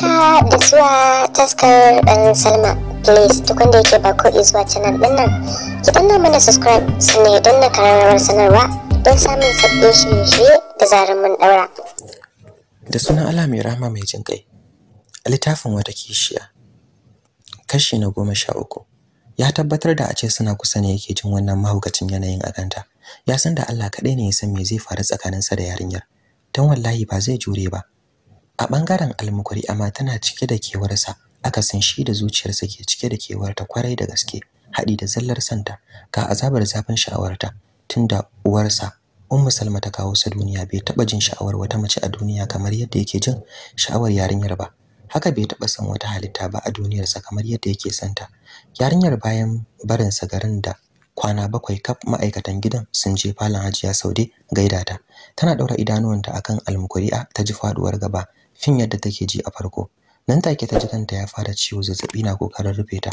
haka da zuwa taskar dan salma please duk wanda yake ba ko zuwa canal din nan ki danna mana subscribe sannan ya danna karamar sanarwa don samun sabbin shirye-shirye da zarar mun daura da sunan Allah mai rahama mai jin kai a littafin wata kishiya kashi na goma sha uku ya tabbatar da a ce suna kusa ne yake jin wannan mahaukacin yanayin a kanta ya san da Allah kaɗai ne ya san me zai faru tsakaninsa da yarinyar don wallahi ba zai jure ba a ɓangaren almukuri amma tana cike da kewarsa akasin shi da zuciyarsa ke cike da kewarta kwarai da gaske haɗi da zallar santa ga azabar zafin sha'awarta tunda uwarsa ummu salma ta kawo sa duniya bai taba jin sha'awar wata mace a duniya kamar yadda yake jin sha'awar yarinyar ba haka bai taɓa san wata halitta ba a duniyarsa kamar yadda yake santa yarinyar bayan barin sa garin da kwana bakwai kaf ma'aikatan gidan sun je falon Hajiya Saude gaida ta. Tana ɗaura idanuwanta akan almukuri'a ta ji faɗuwar gaba fin yadda take ji a farko nan take ta ji kanta ya fara ciwo zazzabi na kokarin rufe ta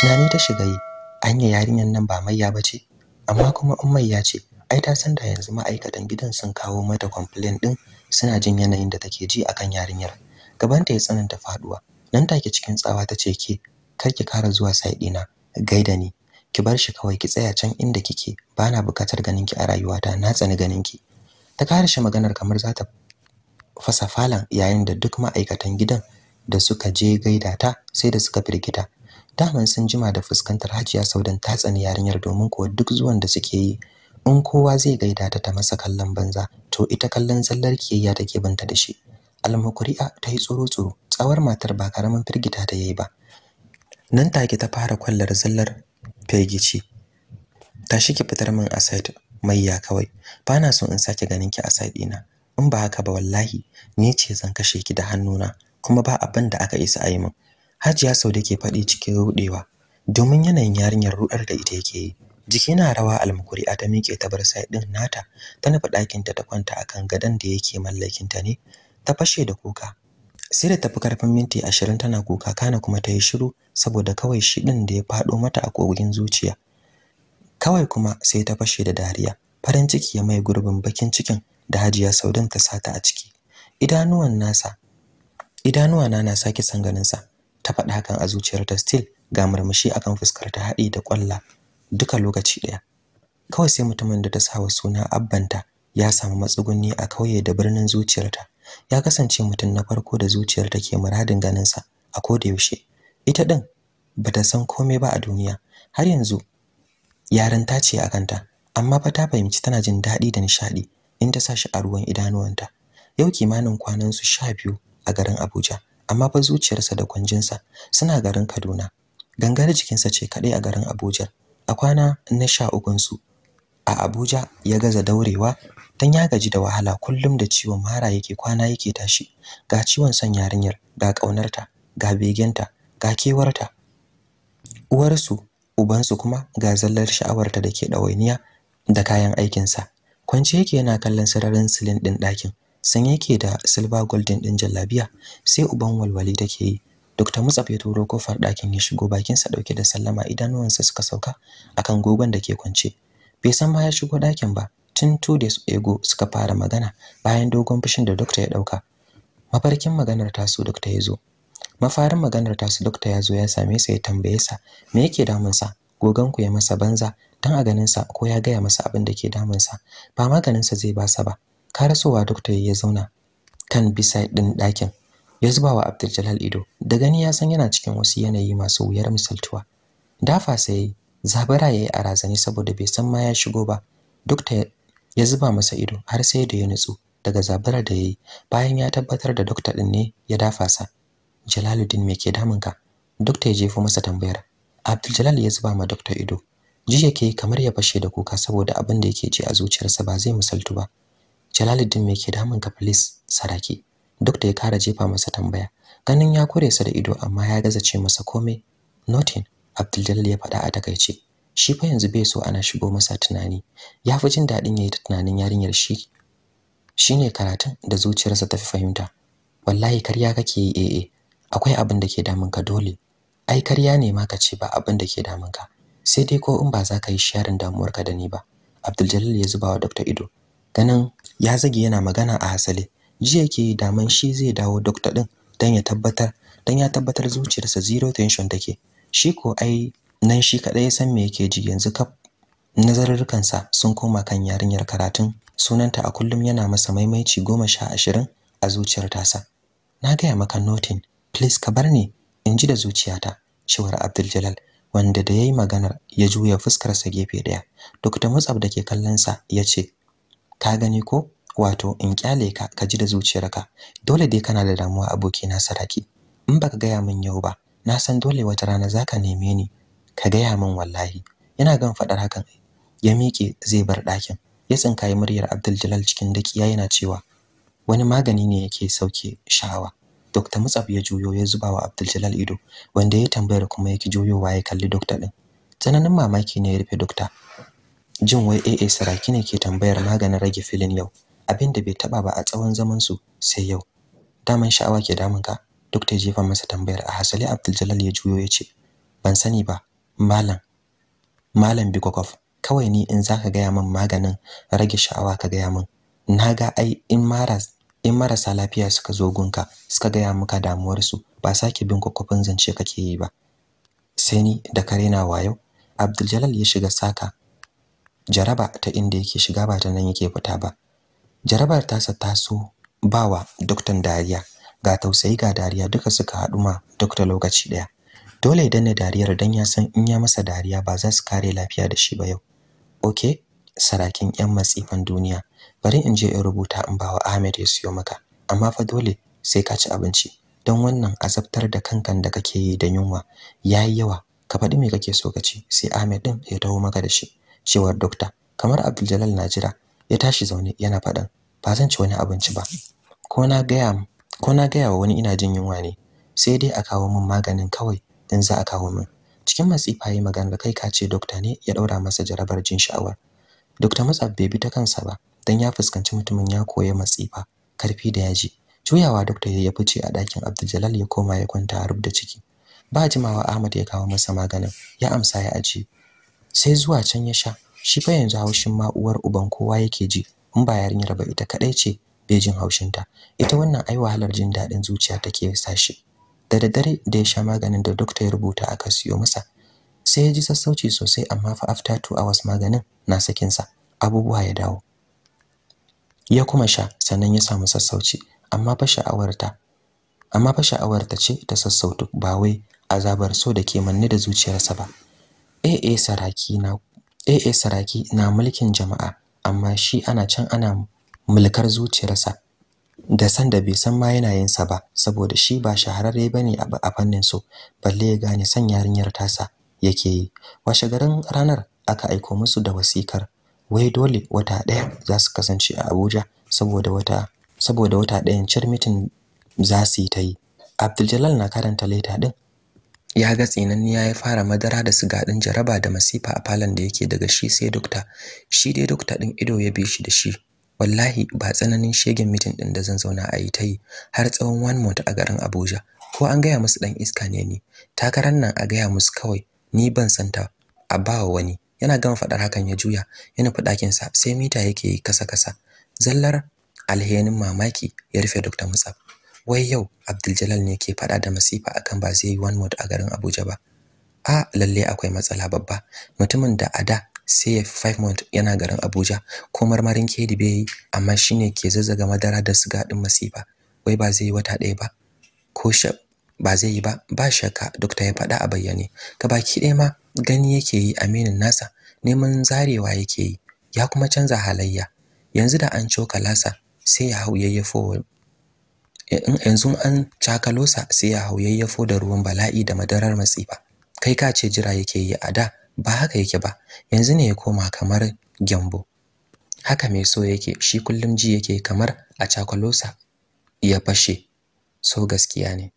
tunani ta shiga yi anya yarinyar nan ba mayya ce? amma kuma in ya ce ai ta san da yanzu ma'aikatan gidan sun kawo mata complain din suna jin yanayin da take ji akan yarinyar gabanta ya tsananta faduwa nan take cikin tsawa ta ce ke kar ki kara zuwa side dina gaida ni ki bar shi kawai ki tsaya can inda kike bana bukatar ganin ki a rayuwata na tsani ganin ki ta kare shi maganar kamar za ta fasa falon yayin da duk ma'aikatan gidan da suka je gaida ta sai da suka firgita daman sun jima da fuskantar hajiya saudan ta tsani yarinyar domin kuwa duk zuwan da suke yi in kowa zai gaida ta ta masa kallon banza to ita kallon zallar kiyayya take banta da shi almukuri'a ta yi tsoro tsoro tsawar matar ba karamin firgita ta yi ba nan take ta fara kwallar zallar firgici ta shike fitar min a site mai ya kawai bana so in sake ganin ki a site ɗina in ba haka ba wallahi ni ce zan kashe ki da hannuna kuma ba abin da aka isa a yi min hajiya sau da ke faɗi cikin ruɗewa domin yanayin yarinyar ruɗar da ita yake yi jiki na rawa almukuri ta miƙe ta bar sai ɗin nata ta nufi ɗakinta ta kwanta akan gadon da yake mallakinta ne ta fashe da kuka sai da tafi karfin minti ashirin tana kuka kana kuma ta yi shiru saboda kawai shi ɗin da ya faɗo mata a kogin zuciya kawai kuma sai ta fashe da dariya farin ciki ya mai gurbin bakin cikin da Hajiya Saudan ta sata a ciki idanuwan nasa idanuwa na na sake sanganin sa ta faɗa hakan a zuciyar ta still ga murmushi akan fuskar ta haɗi da ƙwalla duka lokaci ɗaya kawai sai mutumin da ta sawa suna abbanta ya samu matsuguni a kauye da birnin zuciyarta ya kasance mutum na farko da zuciyar ke muradin ganinsa sa a koda yaushe ita din bata san komai ba a duniya har yanzu yarinta ce a kanta amma fa ta fahimci tana jin daɗi da nishaɗi in ta sashi a ruwan idanuwanta yau kimanin kwanan su sha biyu a garin Abuja amma fa zuciyarsa da kwanjinsa suna garin Kaduna gangar jikinsa ce kaɗai a garin Abuja a kwana na sha ukunsu su a Abuja ya gaza daurewa dan ya gaji da wahala kullum da ciwon mara yake kwana yake tashi ga ciwon son yarinyar ga ƙaunarta, ga begenta ga kewarta uwarsu ubansu kuma ga zallar sha'awarta da ke ɗawainiya da kayan aikinsa kwance yake yana kallon sararin silin ɗin ɗakin sanye yake da silver golden ɗin jallabiya sai uban walwali take yi Dr. Mutsaf ya turo kofar ɗakin ya shigo bakinsa dauke da sallama idanuwansa suka sauka akan gogon da ke kwance. Bai san ma ya shigo ɗakin ba, tun two days ago suka fara magana bayan dogon fushin da Dr. ya ɗauka. Mafarkin maganar tasu Dr. ya zo. Mafarin maganar tasu Dr. ya zo ya same sa ya tambaye sa me yake damunsa, gogon ku ya masa banza don a ganinsa ko ya gaya masa abin da ke damunsa ba maganinsa zai ba sa ba karasowa dokta ya zauna kan bisa ɗin ɗakin ya zuba wa abdul ido da gani ya san yana cikin wasu yanayi masu wuyar misaltuwa dafa sai zabara ya yi a razani saboda bai san ma ya shigo ba dokta ya zuba masa ido har sai da ya nutsu daga zabarar da ya yi bayan ya tabbatar da dokta ɗin ne ya dafa sa jalaluddin me ke damun ka? dokta ya jefo masa tambayar abdul ya zuba ma dokta ido ji yake kamar ya fashe da kuka saboda abin da yake ji a zuciyarsa ba zai misaltu ba Jalaluddin mai ke damun ka please saraki duk da ya kara jefa masa tambaya ganin ya kure sa da ido amma ya gaza ce masa komai Notin Abdul ya faɗa a takaice shi fa yanzu bai so ana shigo masa tunani ya fi jin daɗin ya yi ta tunanin yarinyar shi shine karatun da zuciyarsa ta fi fahimta wallahi karya kake yi eh, eh akwai abin da ke damun ka dole ai karya ne ma ka ce ba abin da ke damun ka sai dai ko in ba za ka yi sharin damuwarka da ni ba abdul ya zuba wa Dr. ido ganin ya zage yana magana a hasali ji yake daman shi zai dawo dokta din dan ya tabbatar dan ya tabbatar zuciyarsa zero tension take shi ko ai nan shi kadai ya san me yake ji yanzu kaf nazarurkansa sun koma kan yarinyar karatun sunanta a kullum yana masa maimaici goma sha ashirin a zuciyar tasa na gaya maka notin please ka bar ni in ji da zuciyata cewar abdul wanda da yayi maganar ya juya fuskar sa gefe daya Dr. Mutsab da ke kallon sa yace ka gani ko wato in kyale ka ka ji da zuciyarka dole dai kana da damuwa aboki na saraki in baka gaya min yau ba na san dole wata rana zaka neme ni ka gaya min wallahi ina gan fadar hakan ya miƙe zai bar ɗakin ya tsinkayi muryar Abdul Jalal cikin dakiya yana cewa wani magani ne yake sauke sha'awa Dr. Mutsaf ya juyo ya zuba wa Abdul ido wanda ya tambayar kuma yake juyowa ya kalli doctor din. Tsananin mamaki ne ya rufe doctor. Jin wai AA Saraki ne ke tambayar maganin rage filin yau, abin da bai taba ba a tsawon zaman su sai yau. Daman sha'awa ke damun ka? Dr. ya jefa masa tambayar a hasali Abdul ya juyo ya ce, "Ban sani ba, malam." Malam Bikokov, kawai ni in zaka gaya min maganin rage sha'awa ka gaya min. Na ga ai in maras in marasa lafiya suka zo gunka suka gaya maka damuwarsu ba sake bin kwakwafin zance kake yi ba sai ni da karena wayo abdul ya shiga saka jaraba ta inda yake shiga ba ta nan yake fita ba jarabar ta tasa taso bawa doktan dariya ga tausayi ga dariya duka suka haɗu ma dokta lokaci ɗaya dole ya danne dariyar dan ya san in ya masa dariya ba za su kare lafiya da shi ba yau okay sarakin yan matsifan duniya bari in je in rubuta in bawa Ahmed ya siyo maka amma fa dole sai ka ci abinci don wannan azabtar da kankan da kake yi da yunwa yayi yawa ka faɗi me kake so ka ci sai Ahmed din ya taho maka da shi cewar dokta kamar Abdul na jira ya tashi zaune yana faɗan ba zan ci wani abinci ba ko na gaya ko na gaya wa wani ina jin yunwa ne sai dai a kawo min maganin kawai in za a kawo min cikin matsifa yi magana kai ka ce dokta ne ya ɗaura masa jarabar jin sha'awar Dr. Matsa bai bi ta kansa ba dan ya fuskanci mutumin ya koya matsifa karfi da yaji juyawa Dokta ya fice a ɗakin Abdul ya koma ya kwanta a rubda ciki ba jimawa Ahmad ya kawo masa maganin ya amsa ya aje sai zuwa can ya sha shi fa yanzu haushin ma uwar uban kowa yake ji in ba yarinyar ba ita kadai ce bai jin haushin ta ita wannan ai wahalar jin daɗin zuciya take sa shi da daddare da ya sha maganin da Dokta ya rubuta aka siyo masa sai ya ji sassauci sosai amma fa after two hours maganin na sakinsa, abubuwa ya dawo ya kuma sha sannan ya samu sassauci amma fa sha'awarta amma fa sha'awarta ce ta sassautu ba wai azabar so da ke manne da zuciyarsa ba eh saraki na saraki na mulkin jama'a amma shi ana can ana mulkar zuciyarsa da san da bai san ma yana yin sa ba saboda shi ba shahararre bane a fannin su, balle ya gane san yarinyar tasa yake yi washe garin ranar aka aiko musu da wasikar wai dole wata ɗaya za su kasance a Abuja saboda wata saboda wata ɗayan cirmitin za su yi ta yi Abdul na karanta leta ɗin. ya ga tsinanniya ya fara madara da siga jaraba da masifa a falon da yake daga shi sai dokta shi dai dokta ɗin ido ya bi shi da shi wallahi ba tsananin shegen mitin ɗin da zan zauna a yi ta yi har tsawon one month a garin Abuja ko an gaya musu dan iska ne ni takarar nan a gaya musu kawai ni ban santa a ba wani yana gama faɗar hakan ya juya ya nufi sa sai mita yake kasa-kasa zallar alhenin mamaki ya rufe dr mutsaf wai yau abdul ne ke faɗa da masifa akan ba zai yi one mode a garin abuja ba a lalle akwai matsala babba mutumin da a da sai ya five month yana garin abuja ko marmarin kedi bai yi amma shine ke zazzaga madara da siga ɗin masifa wai ba zai yi wata ɗaya ba ko ba zai yi ba ba shakka dokta ya faɗa a bayyane Ka baki ɗaya ma gani yake yi aminin nasa neman zarewa yake yi ya kuma canza halayya yanzu da an cokalasa sai ya hau yayyafo yanzu an cakalosa sai ya hau yayyafo da ruwan bala'i da madarar masifa kai ka ce jira yake yi a da ba haka yake ba yanzu ne ya koma kamar gyambo haka mai so yake shi kullum ji yake kamar a cakalosa ya fashe so gaskiya ne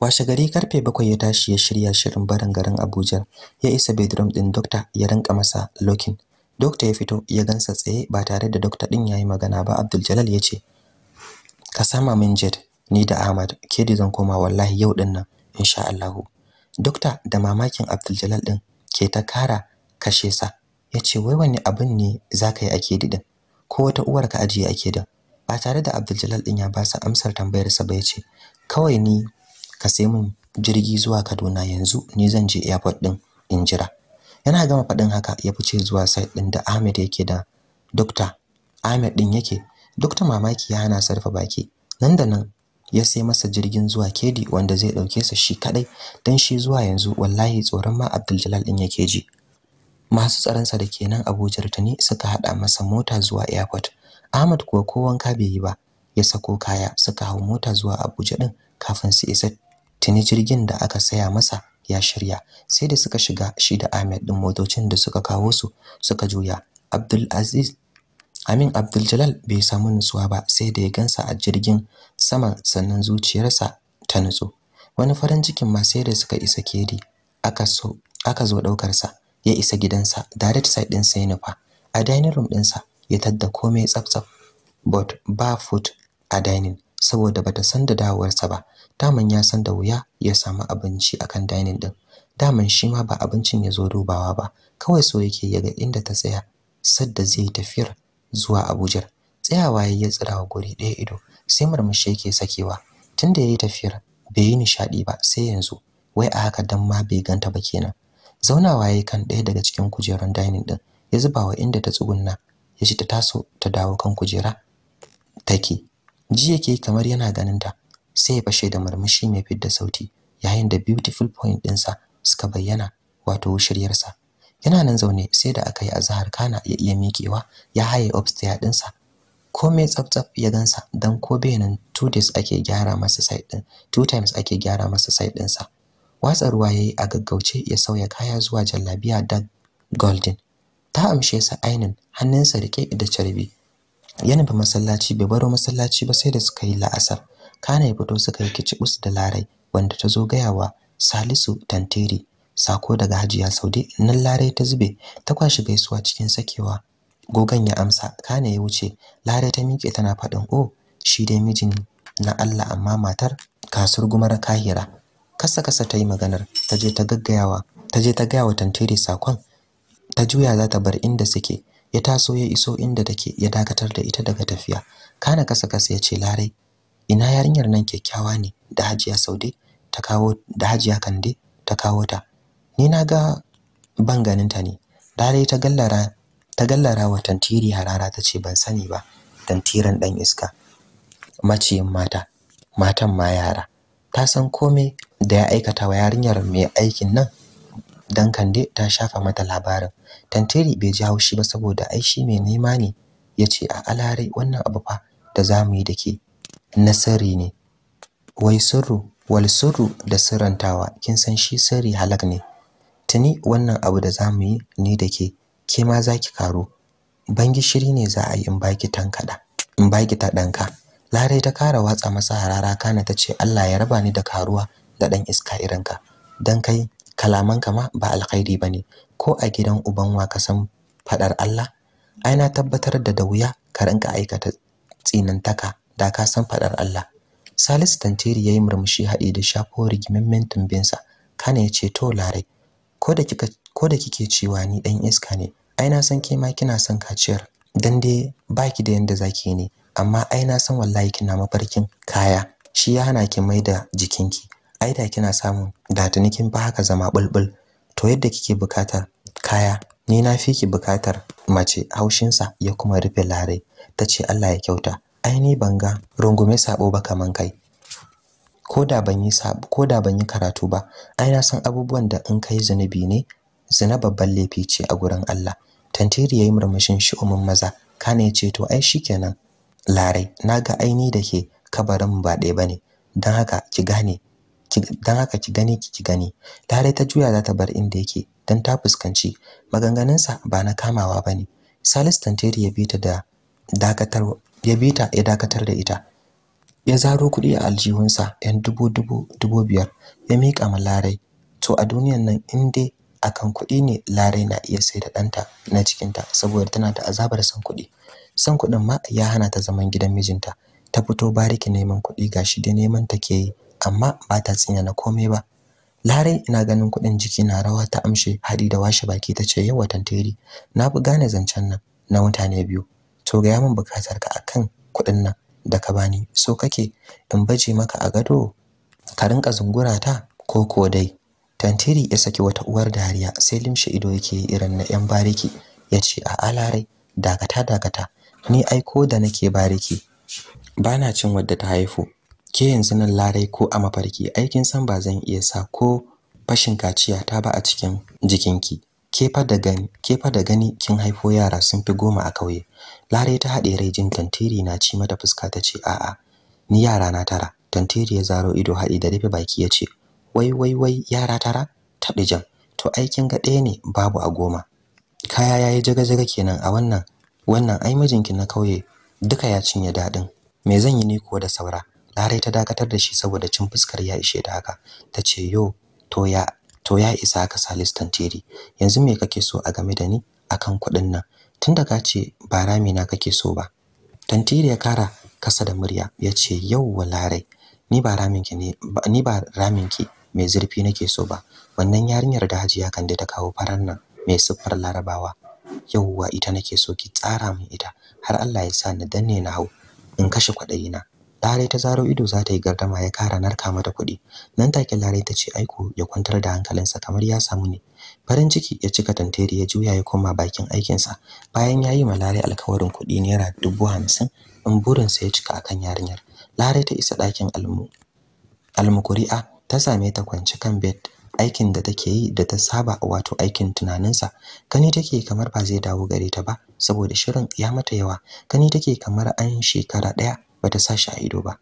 washe gari karfe bakwai ya tashi ya shirya shirin barin garin abuja ya isa bedroom din dokta ya rinka masa lokin dokta ya fito ya gansa tsaye ba tare da dokta din yayi magana ba abdul jalal ya ce ka sama min jet ni da ahmad ke zan koma wallahi yau din nan insha allahu dokta da mamakin abdul jalal din ke ta kara kashe sa ya ce wai wani abin ne za yi a kedi din ko wata uwar ka ajiye a din? ba tare da abdul jalal din ya ba sa amsar tambayar sa ba ya ce kawai ni ka sai min jirgi zuwa Kaduna yanzu ni zan je airport din in jira yana gama faɗin haka ya fice zuwa site din da Ahmed yake da doctor Ahmed din yake doctor mamaki ya hana sarfa baki nan da nan ya sai masa jirgin zuwa Kedi wanda zai dauke sa shi kadai dan shi zuwa yanzu wallahi tsoron ma Abdul Jalal din yake ji masu tsaronsa da kenan Abuja tuni suka hada masa mota zuwa airport Ahmad kuwa ko wanka bai yi ba ya sako kaya suka hau mota zuwa Abuja din kafin su isa tuni jirgin da aka saya masa ya shirya sai da suka shiga shi da Ahmed din motocin da suka kawo su suka juya Abdul Aziz Amin Abdul Jalal bai samu nutsuwa ba sai da ya gansa a jirgin sama sannan zuciyarsa ta nutsu wani farin cikin ma sai da suka isa kedi aka so aka zo daukar sa ya isa gidansa direct side din sai nufa a dining room dinsa ya tadda komai tsaftsaf but ba food a dining saboda bata san da dawowarsa ba daman ya san da wuya ya samu abinci akan dining din daman shi ma ba abincin ya zo dubawa ba kawai so yake ya ga inda ta tsaya sadda zai tafiyar zuwa Abuja tsayawa ya tsirawa guri ɗaya ido sai murmushi yake sakewa tunda yayi tafiyar bai yi nishadi ba sai yanzu wai a haka dan ma bai ganta ba kenan zaunawa yayi kan ɗaya daga cikin kujerun dining din ya zuba wa inda ta tsugunna ya ta taso ta dawo kan kujera take ji yake kamar yana ganin ta sai ya fashe da murmushi mai fidda sauti yayin da beautiful point ɗinsa suka bayyana wato shiryarsa yana nan zaune sai da aka yi azahar kana ya iya miƙewa ya haye upstairs ɗinsa Ko mai tsaftsaf ya gansa don ko benin two days ake gyara masa site ɗin two times ake gyara masa site ɗinsa watsa ruwa yayi a gaggauce ya sauya kaya zuwa jallabiya da golden ta amshe sa ainin hannunsa rike da carbi yana ba masallaci bai baro masallaci ba sai da suka yi la'asar kana ya fito suka yi kici kicibus da larai wanda ta zo gaya wa salisu tantiri sako daga hajiya saude nan larai ta zube ta kwashi gaisuwa cikin sakewa gogan ya amsa kana ya wuce larai ta miƙe tana faɗin o oh, shi dai mijin na Allah amma matar kasur gumar kahira kasa kasa ta yi maganar ta je ta gaggayawa ta ta gaya wa tantiri sakon ta juya za ta bar inda suke ya taso ya iso inda take ya dakatar da ita daga tafiya kana kasa kasa yace ce larai ina yarinyar nan kyakkyawa ne da Hajiya Saude ta kawo da Hajiya Kande ta kawo ta ni na ga ban ganin ta ne larai ta gallara ta gallara wa tantiri harara ta ce ban sani ba tantiran dan iska maciyin mata matan ma yara ta san komai da ya aikata wa yarinyar mai aikin nan dan Kande ta shafa mata labarin. Tantiri bai ji haushi ba saboda ai shi mai nema ne. yace ce a alare wannan abu fa da zamu yi da ke na ne. Wai sirru, wal sirru da sirrantawa kin san shi sirri halak ne. Tuni wannan abu da zamu yi ni da ke, ke ma za karo. Ban gishiri ne za a yi in baki tankaɗa, in baki ta danka. Lare ta kara watsa masa harara kana ta ce Allah ya raba ni da karuwa da ɗan iska irinka. Dan kai kalaman kama ba alkhairi ne, ko a gidan uban wa ka san fadar Allah ai na tabbatar da da wuya ka rinka aikata tsinantaka da ka san fadar Allah Salisu Tanteri yayi murmushi haɗi da shafo rigimemmen tumbinsa kana ya ce to lare ko da kika ko da kike cewa ni dan iska ne ai na san ke ma kina son kaciyar dan dai baki da yanda zaki ne amma ai na san wallahi kina mafarkin kaya shi ya hana ki maida jikinki ai da kina samun. da tuni kin fa haka zama bulbul to yadda kike bukatar kaya ni na fi ki bukatar mace haushinsa ya kuma rufe Lare. ta ce Allah ya kyauta ai ni ban ga rungume sabo ba kaman kai ko da ban yi sabo ko ban yi karatu ba ai na san abubuwan da in kai zunubi ne zina babban laifi ce a gurin Allah tantiri yayi murmushin shi'umin maza kana ya ce to ai shikenan larai naga aini da ke kabarin ba ɗaya bane don haka ki gane dan haka ki gani ki gani lare ta juya za ta bar inda yake dan ta fuskanci maganganunsa ba na kamawa bane salis Tanteri ya bita da dakatar ya bita ya dakatar da ita ya zaro kuɗi a aljihunsa yan dubu dubu dubu biyar ya miƙa ma larai to a duniyar nan in dai akan kuɗi ne larai na iya sai da ɗanta na cikinta saboda tana da azabar son kuɗi son kuɗin ma ya hana ta zaman gidan mijinta ta fito bariki neman kuɗi gashi da neman take yi amma ba ta na komai ba Larai ina ganin kuɗin jiki na rawa ta amshe haɗi da washe baki ta ce yau watan tantiri na fi gane zancen nan na mutane biyu to ga min bukatar ka akan kuɗin nan da ka bani so kake in baje maka a gado ka rinka zungura ta ko ko dai tantiri ya saki wata uwar dariya sai limshe ido yake irin na yan bariki ya ce a alarai dakata dakata ni aiko ko da nake bariki bana cin wadda ta haifu ke yanzu nan larai ko a mafarki aikin san ba zan iya sa ko fashin kaciya ta ba a cikin jikinki ke fa da gani kin haifo yara sun fi goma a kauye larai ta haɗe rai jin tantiri na ci mata fuska ta ce a'a ni yara na tara tantiri ya zaro ido haɗi da rufe baki ya ce wai wai wai yara tara taɗi jam to aikin ga ɗaya ne babu a goma kaya ya yi jaga-jaga kenan a wannan wannan ai mijinki na kauye duka ya cinye daɗin me zan yi ne ko da saura Larai ta dakatar da shi saboda cin fuskar ya ishe ta haka. Ta ce yo to ya to ya isa ka Salis Tantiri. Yanzu me kake so a game da ni akan kuɗin nan? Tunda ka ce ba rami na kake so ba. Tantiri ya kara kasa da murya ya ce yauwa Larai ni ba raminki ne ni ba raminki mai zurfi nake so ba. Wannan yarinyar da Hajiya Kande ta kawo farar nan mai siffar Larabawa. Yauwa ita nake so ki tsara min ita har Allah ya sa na danne na hau in kashe kwaɗayina. Larai ta zaro ido za ta yi gardama ya kara narka mata kuɗi. Nan take Larai ta ce aiko ya kwantar da hankalinsa kamar ya samu ne. Farin ciki ya cika tantere ya juya ya koma bakin aikinsa. Bayan ya yi ma Larai alkawarin kuɗi naira dubu hamsin in burinsa ya cika akan yarinyar. Larai ta isa ɗakin almu. Almukuri'a ta same ta kwance kan bed aikin da take yi da ta saba wato aikin tunaninsa gani take kamar ba zai dawo gare ta ba saboda shirin ya mata yawa gani take kamar an shekara ɗaya bata sa shi a ido ba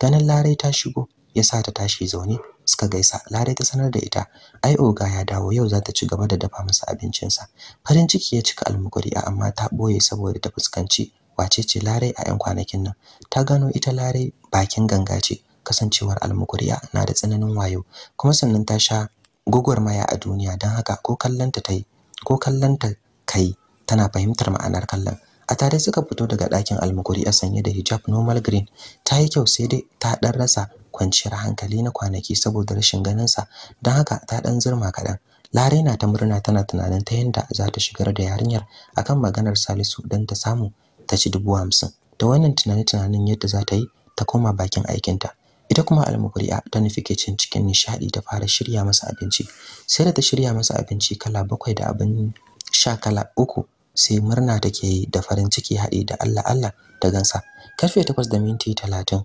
ganin larai ta shigo ya sa ta tashi zaune suka gaisa larai ta sanar da ita ai oga ya dawo yau za ta ci gaba da dafa masa abincinsa farin ciki ya cika almukuri'a amma ta ɓoye saboda ta fuskanci wace ce larai a 'yan kwanakin nan ta gano ita larai bakin ganga ce kasancewar almukuri'a na da tsananin wayo kuma sannan ta sha gwagwarmaya a duniya don haka ko kallanta ta yi ko kallanta kai tana fahimtar ma'anar kallon a tare suka fito daga ɗakin almukuri a sanye da hijab normal green ta yi kyau sai dai ta ɗan rasa kwanciyar hankali na kwanaki saboda rashin ganinsa don haka ta ɗan zirma kaɗan lare na ta murna tana tunanin ta yadda za ta shigar da yarinyar akan maganar salisu dan ta samu ta ci dubu hamsin da wannan tunani tunanin yadda za ta yi ta koma bakin aikinta ita kuma almukuri'a ta nufi kicin cikin nishaɗi ta fara shirya masa abinci sai da ta shirya masa abinci kala bakwai da abin sha kala uku sai murna take yi da farin ciki haɗi da Allah Allah ta gansa karfe 8 da minti 30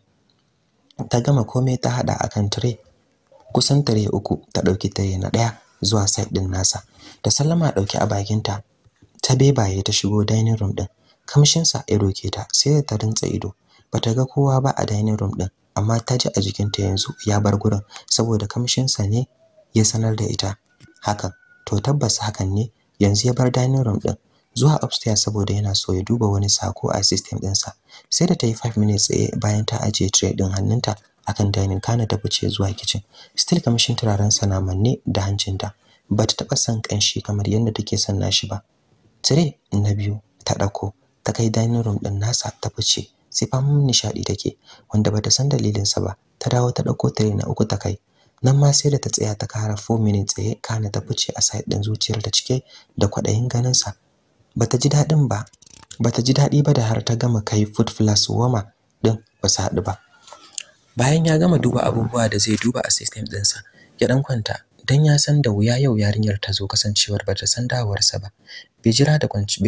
ta gama komai ta hada akan tire kusan tire uku ta dauki tire na daya zuwa side din nasa da sallama dauki a bakinta ta bebaye ta shigo dining room din kamshin sa ya roke ta sai ta rintsa ido bata ga kowa ba a dining room din amma ta ji a jikinta yanzu ya bar gurin saboda kamshin sa ne ya sanar da ita hakan to tabbas hakan ne yanzu ya bar dining room din zuwa upstairs saboda yana so ya duba wani sako a system ɗinsa sai da ta yi 5 minutes tsaye bayan ta ajiye tray ɗin hannunta akan dining kana ta fice zuwa kitchen still kamshin turaren sa na manne da hancinta bata taɓa san kanshi kamar yadda take son nashi ba tray na biyu ta ɗauko ta kai dining room ɗin nasa ta fice sai famun nishadi take wanda bata san dalilinsa ba ta dawo ta ɗauko tray na uku ta kai nan ma sai da ta tsaya ta kara 4 minutes tsaye kana ta fice a side ɗin zuciyar ta cike da kwaɗayin ganin sa bata ji daɗin ba bata ji daɗi ba da har ta gama kai food plus woma din ba su haɗu ba bayan ya gama duba abubuwa da zai duba a system ɗinsa ya ɗan kwanta dan ya san da wuya yau yarinyar ta zo kasancewar bata san dawarsa ba bai jira da kwanci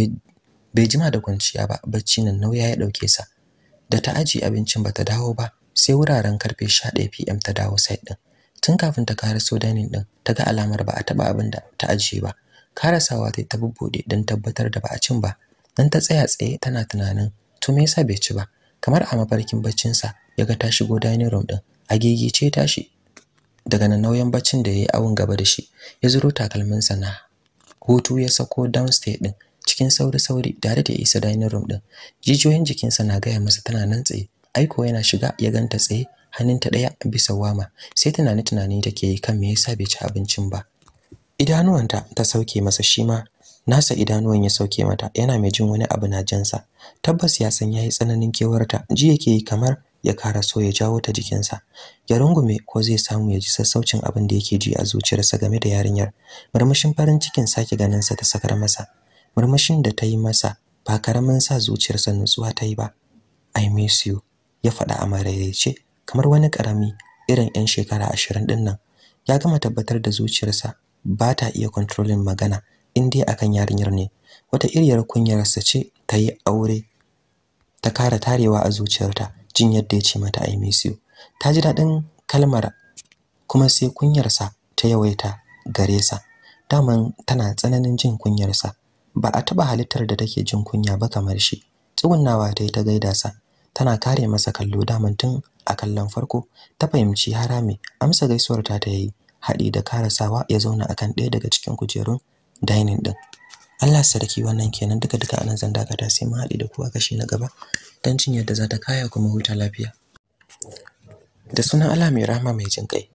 bai jima da kwanciya ba bacci nan nauya ya ɗauke sa da ta aji abincin bata dawo ba sai wuraren karfe 11 pm ta dawo site din tun kafin ta karaso dining din ta ga alamar ba a taɓa abin da ta ajiye ba karasawa ta ta buɗe don tabbatar da ba a cin ba dan ta tsaya tsaye tana tunanin to me yasa bai ci ba kamar a mafarkin baccin sa ga ta shigo dining room din agegece tashi daga nan nauyin baccin da yayi awun gaba da shi ya zuro takalmin sa na hutu ya sako downstairs din cikin sauri-sauri tare da isa dining room din jijiyoyin jikin sa na gaya masa tana nan tsaye aiko yana shiga ya ganta tsaye hannunta ɗaya, bisa wama sai tunani tunani take yi kan me yasa bai ci abincin ba idanuwanta ta sauke masa shi ma nasa idanuwan ya sauke mata yana mai jin wani abu na jansa tabbas ya san yayi tsananin kewarta ji yake yi kamar ya kara so ya jawo ta jikinsa ya rungume ko zai samu ya ji sassaucin abin da yake ji a zuciyarsa game da yarinyar murmushin farin cikin sake sa ta sakar masa murmushin da ta yi masa ba karamin sa zuciyarsa nutsuwa ta yi ba i miss you ya faɗa a maraice kamar wani karami irin 'yan shekara ashirin ɗin nan ya gama tabbatar da zuciyarsa ba ta iya controlling magana in dai akan yarinyar ne wata iriyar kunyarsa ce ta yi aure ta kara tarewa a zuciyarta jin yadda ya ce mata I miss you ta ji daɗin kalmar kuma sai kunyarsa ta yawaita gare sa daman tana tsananin jin kunyarsa ba a taɓa halittar da take jin kunya ba kamar shi tsugunnawa ta yi ta gaida sa tana kare masa kallo daman tun a kallon farko ta fahimci harami, amsa gaisuwar ta ta yi haɗi da karasawa ya zauna akan ɗaya daga cikin kujerun dining ɗin. Allah sarki wannan kenan duka duka anan zan dakata sai mu haɗi da kuwa kashi na gaba dan cin yadda za ta kaya kuma huta lafiya da sunan Allah mai rahama mai jin kai